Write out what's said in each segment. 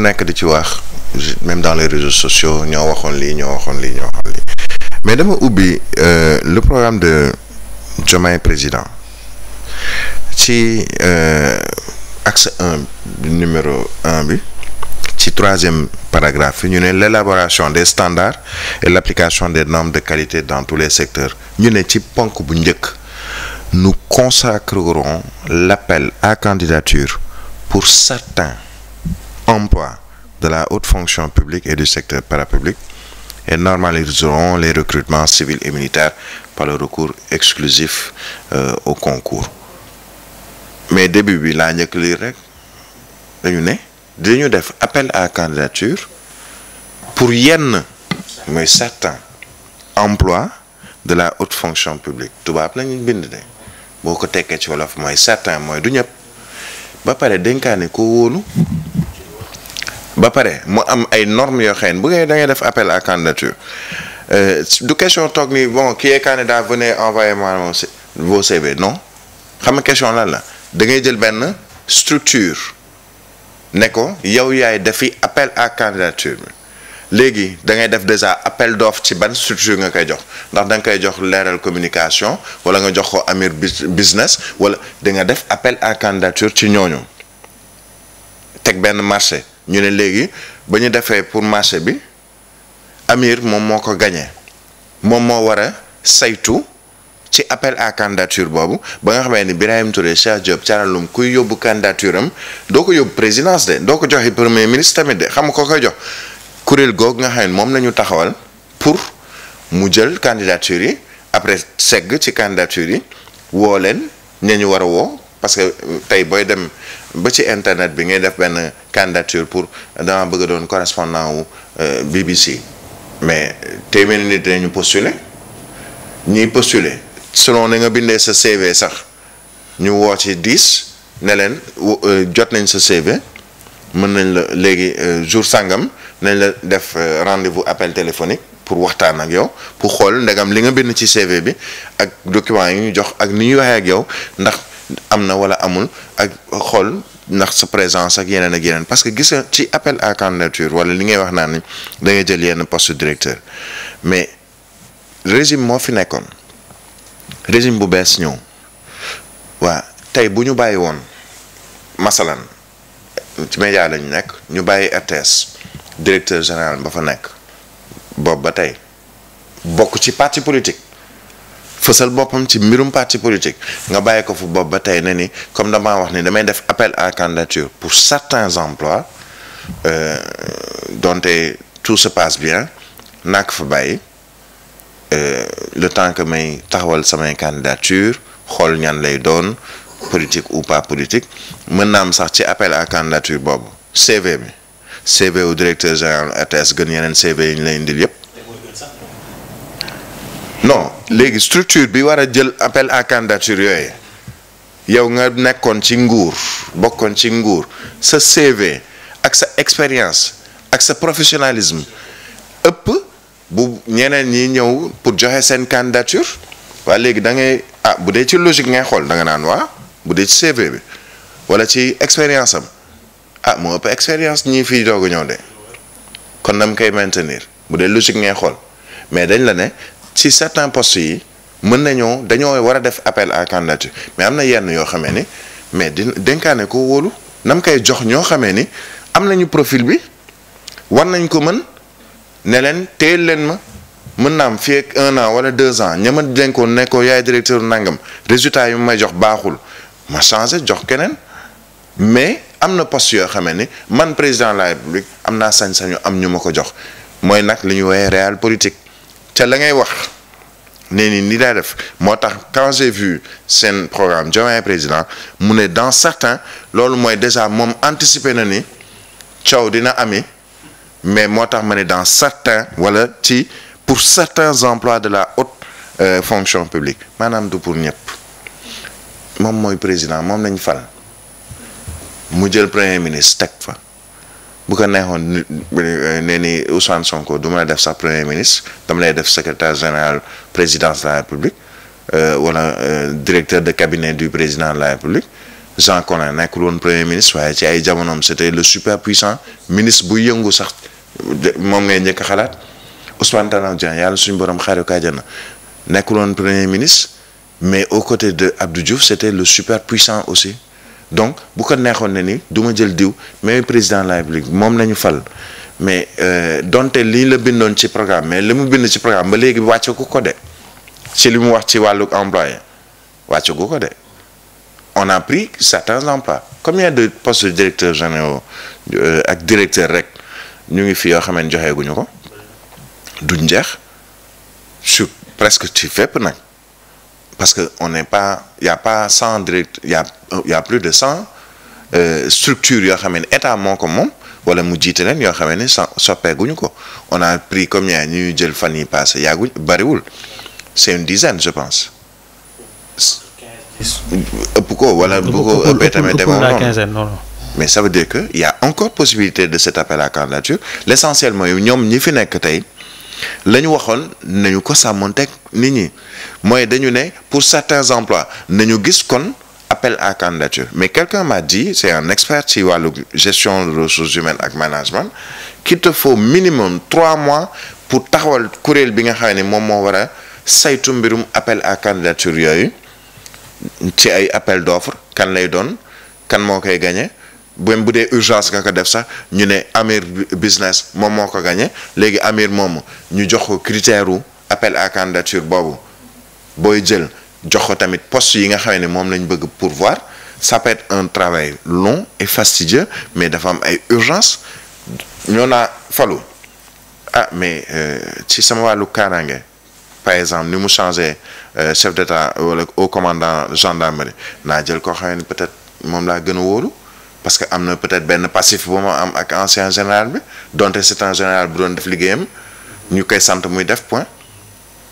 nekk di ci waax même dans les réseaux sociaux ñoo waxoon lii ñoo waxoon lii ñoo waxoon mais dama ubbi euh, le programme de Diomaye président ci euh, axe un numéro un bi ci troisième paragraphe ñu ne l'élaboration des standards et l'application des normes de qualité dans tous les secteurs ñu ne ci ponk bu njëkk nous consacrerons l'appel à candidature pour certains emploi de la haute fonction publique et du secteur parapublic et normaliseront les recrutements civils et militaires par le recours exclusif euh, au concours mais début bi laa njëkk lii rek dañu ne dinañu def appel à candidature pour yenn mais certains emplois de la haute fonction publique tubaab lañu bind de boo ko tekkee ci wolof mooy certains mooy du ñëpp ba pare dénkaane ko wóolu ba pare mu am ay normes yoo xëy bu ngay da ngay def appel à candidature euh, du question toog ni bon qui est candidat venez envoyer moi vos CV non xam nga question lan la da ngay jël benn structure ne ko yow yaay dafi appel à candidature bi léegi da ngay def déjà appel d'offre ci ban structure nga koy jox ndax da koy jox leeral communication wala nga jox ko amir business wala da nga def appel à candidature ci ñooñu teg benn marché ñu ne léegi ba ñu defee pour marché bi Amir moom moo ko gañee moom moo war a saytu ci appel à candidature boobu ba nga xamee ni Birahim Touré Cheikh Diop Thianaloum kuy yóbbu candidature am doo ko yóbbu présidence de doo ko joxe premier ministre tamit de xam nga ko koy jox kuréel googu nga xam ne moom la ñu taxawal pour mu jël candidature yi après segg ci candidature yi woo leen ña ñu war a woo parce que euh, tey booy dem ba ci internet bi ngay def benn candidature pour dama bëgg a doon correspondant wu euh, BBC mais téeméeri nit dañu postuler ñuy postuler selon na nga bindee sa CV sax ñu woo ci dix ne leen euh, jot nañ sa CV mën nañ la léegi jour sàngam nañ la def rendez-vous appel téléphonique pour waxtaan ak yow pour xool ndegam li nga bind ci CV bi ak documents yi ñu jox ak ni ñuy waxee ak yow ndax. am na wala amul ak xool ndax sa présence ak yeneen ak yeneen parce que gis nga ci appel à candidature wala li ngay wax naa ni da nga jël yenn poste directeur mais résime moo fi nekkoon résime bu bees ñëw waa tey bu ñu bàyyi woon masalan ci média lañu nekk ñu bàyyi RTS directeur général ba fa nekk boobu ba tey bokk ci parti politique fësal boppam ci mbirum parti politique nga bàyyi ko fu bopp ba tey na ni comme damaa wax ni damay def appel à candidature pour certains emplois euh, donte tout se passe bien naa ko fa bàyyi euh, le temps que may taxawal samay candidature xool ñan lay doon politique ou pas politique mën naa am sax ci appel à candidature boobu CV bi CV au directeur général RTS gën yeneen CV yi ñu lay indil yëpp. non léegi structure bi war a jël appel à candidature yooyu yow nga nekkoon ci nguur bokkoon ci nguur sa CV ak sa expérience ak sa professionnalisme ëpp bu ñeneen ñi ñëw pour joxe seen candidature waa léegi da ngay ah bu dee ci logique ngay xool da nga naan waa bu dee ci CV bi wala ci expérience am a ah, moo ëpp expérience ñii fi doog a ñëw de kon nam koy maintenir bu dee logique ngay xool mais dañ la ne ci certains postes yi mën nañoo dañoo war a def appel à candidature mais am na yenn yoo xamee ni mais din dénkaane ko wóolu nam koy jox ñoo xamee ni am nañu profil bi war nañ ko mën ne leen teel leen ma mën naa am fii ak un an wala deux ans ña ma dénkoon ne yaay directeur nangam résultat yi ma jox baaxul ma changé jox keneen mais am na post yoo xamee ni man président de la république am naa sañ-sañu am ñu ma ko jox mooy nag li ñu woowee réal politique. ca la ngay wax nee ni nii daa def moo tax quand j'ai vu seen programme Diomaye président mu ne dans certains loolu mooy déjà moom anticiper na ni coow dina ami mais moo tax ma ne dans certains wala ci pour certains emplois de la haute euh, fonction publique maanaam du pour ñëpp moom mooy président moom lañ fal mu jël premier ministre teg fa bu ko neexoon eh, nee ni Ousmane Sonko du ma la def sax premier ministre dama lay def secrétaire général présidence de la République euh, wala euh, directeur de cabinet du président de la République Jean Collin nekkul woon premier ministre waaye ci ay jamonoom c'était le super puissant ministre bu yëngu sax moom ngay njëkk a xalaat Ousmane Tanor Dieng yàlla suñu borom xaaru ko àjjana nekkul woon premier ministre mais aux côtés de Abdou Diouf c'était le super puissant aussi donc bu ko neexoon ne ni du ma jël diw mais président la république moom lañu fal mais euh, donte lii la bindoon ci programme mais li mu bind ci programme ba léegi wàcce ku ko de ci li mu wax ci wàllu employé wàcce ku ko de on a pris certains emplois combien de postes de directeurs généraux euh, ak directeur rek ñu ngi fi yoo xam ne joxeeguñu ko duñ jeex sur presque ci fépp nag parce que on n'est pas il y pas cent direct il plus de cent euh, structures yoo xam ne état moo ko moom wala mu jiite leen yoo xam ne soppeeguñu ko on a pris combien ñuy jël fan yi passé yaaguñ bariwul c'est une dizaine je pense. ëpp ko wala bu ko ëppee tamit demoo noonu mais ça veut dire que il encore possibilité de cet appel à candidature l'essentiel mooy ñoom ñi fi nekk tey. la ñu waxoon nañu ko sàmmoon teg nit ñi mooy dañu ne pour certains emplois nañu gis kon appel à candidature mais quelqu'un m'a dit c'est un expert ci wàllu gestion de ressources ak management qu'il te faut minimum trois mois pour taxawal kuréel bi nga xam ni moom moo war a saytu mbirum appel à candidature yooyu ci ay appel d'offre kan lay doon kan moo koy gagné même bu dee urgence nga ko def sax ñu ne amir business moom moo ko gagné léegi amir moom ñu jox ko critère wu appel à candidature boobu booy jël jox ko tamit poste yi nga xam ne moom lañ bëgg pourvoir ça peut être un travail long et fastidieux mais dafa am ay urgence ñoo naa falu ah mais euh, ci sama wàllu kaaraange par exemple ni mu changé euh, chef d'état wala au commandant gendarmerie naa jël ko xam ne peut-être moom laa gën a wóolu parce que am na peut-être benn passif bu ma am ak ancien général bi donte c'est général bu doon def liggéeyam ñu koy sant muy def point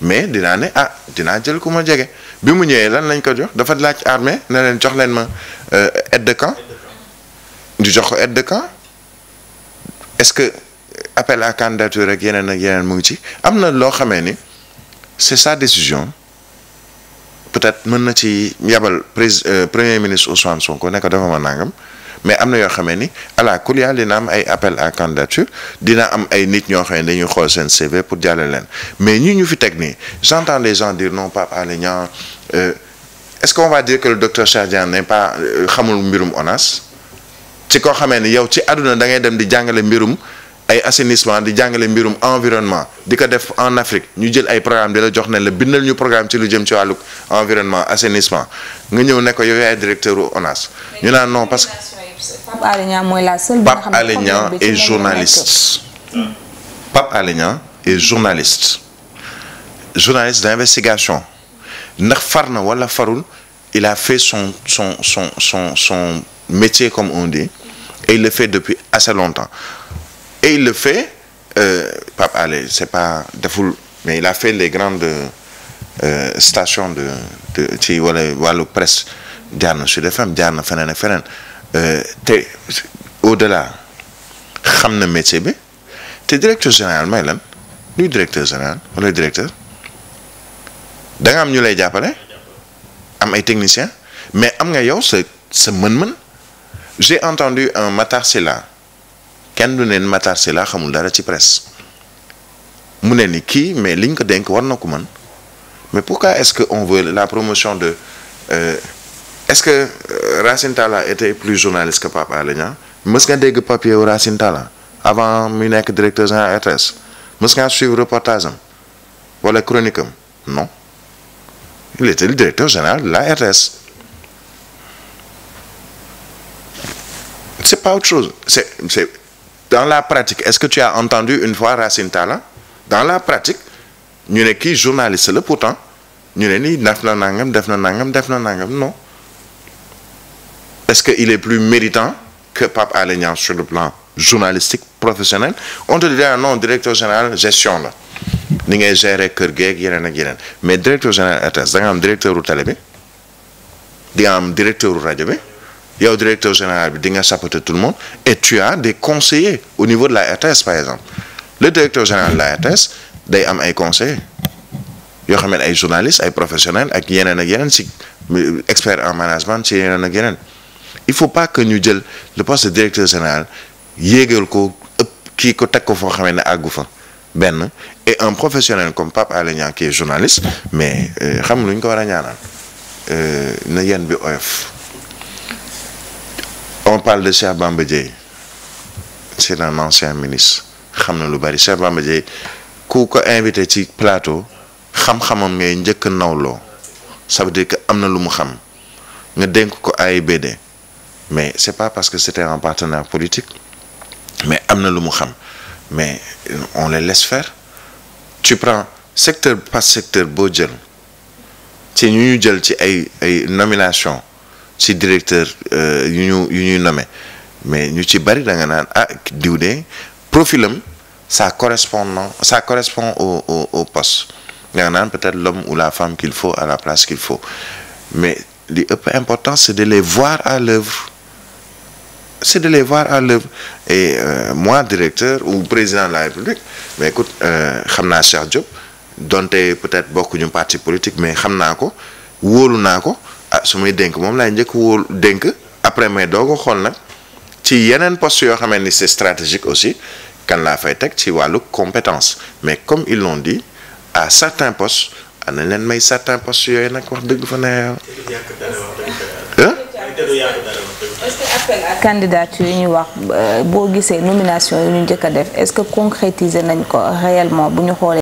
mais dinaa ne ah dinaa jël ku ma jege bi mu ñëwee lan lañ ko jox dafa laaj armée ne leen jox leen ma euh, aide de camp du jox ko aide de camp est-ce que appela à rek yeneen ak yeneen mu ngi ci am na loo xamee ni c'est sa décision peut-être mën na ci yabal pres euh, premier ministre Ousmane Sonko nekk dafa ma nangam. mais am na yoo xamee ni ala kulia dina am ay appel à candidature dina am ay nit ñoo xam ne dañuy xool seen CV pour jàlle leen mais ñi ñu fi teg nii j'entends les gens dire non Pape Alé Niang euh, est-ce qu'on va dire que le docteur Cheikh Diagne pas euh, xamul mbirum ONAS ci koo xamee ni yow ci àdduna da ngay dem di jàngale mbirum ay assainissement di jàngale mbirum environnement di ko def en Afrique ñu jël ay programme di la jox ne la bindal ñu programme ci lu jëm ci wàllu environnement assainissement nga ñëw ne ko yow yaay directeur ONAS ñu Pape Alé Niang la seule. Pape Alé Niang est journaliste. Pape Alé Niang est journaliste. journaliste d'investigation ndax far na wala farul il a fait son son son son son métier comme on dit et il le fait depuis assez longtemps et il le fait euh, Pape Alé c'est pas deful mais il a fait les grandes euh, stations de de ci wala wàllu presse jaar na Sud FM jaar na feneen feneen. Euh, te au delà xam na métier bi te directeur général may lan luy directeur général wala directeur da am ñu lay jàppale am ay techniciens mais am nga yow sa sa mën-mën j'ai entendu un Matar Sylla kenn du neen Matar Sylla xamul dara ci presse mu ne ni kii mais liñ ko dénk war na ko man mais pourquoi est-ce que on veut la promotion de euh, est-ce que euh, Racine Talla était plus journaliste que Pape Alé mës nga dégg papier wu Racine avant mu nekk directeur général RTS mës nga suivre reportage wala chronique am non il était le directeur général de la RTS c'est pas autre chose c'est c'est dans la pratique est-ce que tu as entendu une fois Racine Talla dans la pratique ñu ne kii journaliste la pourtant ñu ne nii def na nangam def na nangam def na nangam non est-ce qu'il est plus méritant que Pape Alé Niang sur le plan journalistique professionnel on te ah directeur général gestion la ni ngay gérer kër geeg yeneen ak yeneen mais directeur général RTS da am directeur u télé di am directeur u rajo bi yow directeur général bi di nga chapeauter tout le monde et tu as des conseillers au niveau de la RTS par exemple le directeur général de la RTS day am ay conseillers yoo xam ne ay journalistes ay professionnels ak yeneen ak yeneen ci euh, expert management yeneen ak yeneen il faut pas que ñu jël le poste de directeur général yéegal ko ëpp kii ko teg ko foo xamee ne àggu fa benn et un professionnel comme Pape Alé Niang qui est mais euh, xam lu ñu ko war a ñaanal euh, na yen bi oyof on parle de Cheikh Bamba Dièye c'est un ancien ministre xam na lu bari Cheikh Bamba Dièye ku ko invité ci plateau xam-xamam ngay njëkk nawloo ça veut dire que am na lu mu xam nga dénk ko ay AIBD mais c'est pas parce que c'était un partenaire politique mais am na lu mu xam mais on les laisse faire tu prends secteur par secteur boo jël ci ñu ñu jël ci ay ay nomination ci directeur euh, yu ñu yu ñuy nommé mais ñu ci bari da nga naan ah diw de profilam ça correspond ça correspond au au au poste naan peut-être l'homme ou la femme qu'il faut à la place qu'il faut mais li ëpp important c'est de les voir à l'œuvre c'est de les voir à l'œuvre et euh, moi directeur ou président de la République mais écoute euh, xam naa Cheikh Diop donte peut-être bokkuñu parti politique mais xam naa ko wóolu naa ko ah su may dénk moom laay njëkk wóol dénk après mais doo xool nag ci yeneen poste yoo xamante ni c'est stratégique aussi kan laa fay teg ci wàllu compétence mais comme ils l'ont dit à certains postes ah, nañ leen may certains post yooyu nag wax dëgg fa ne candidature yi ñuy wax euh, boo gisee nomination yi ñu njëkk a def est-ce que concrétiser nañ ko réellement bu ñu xoolee.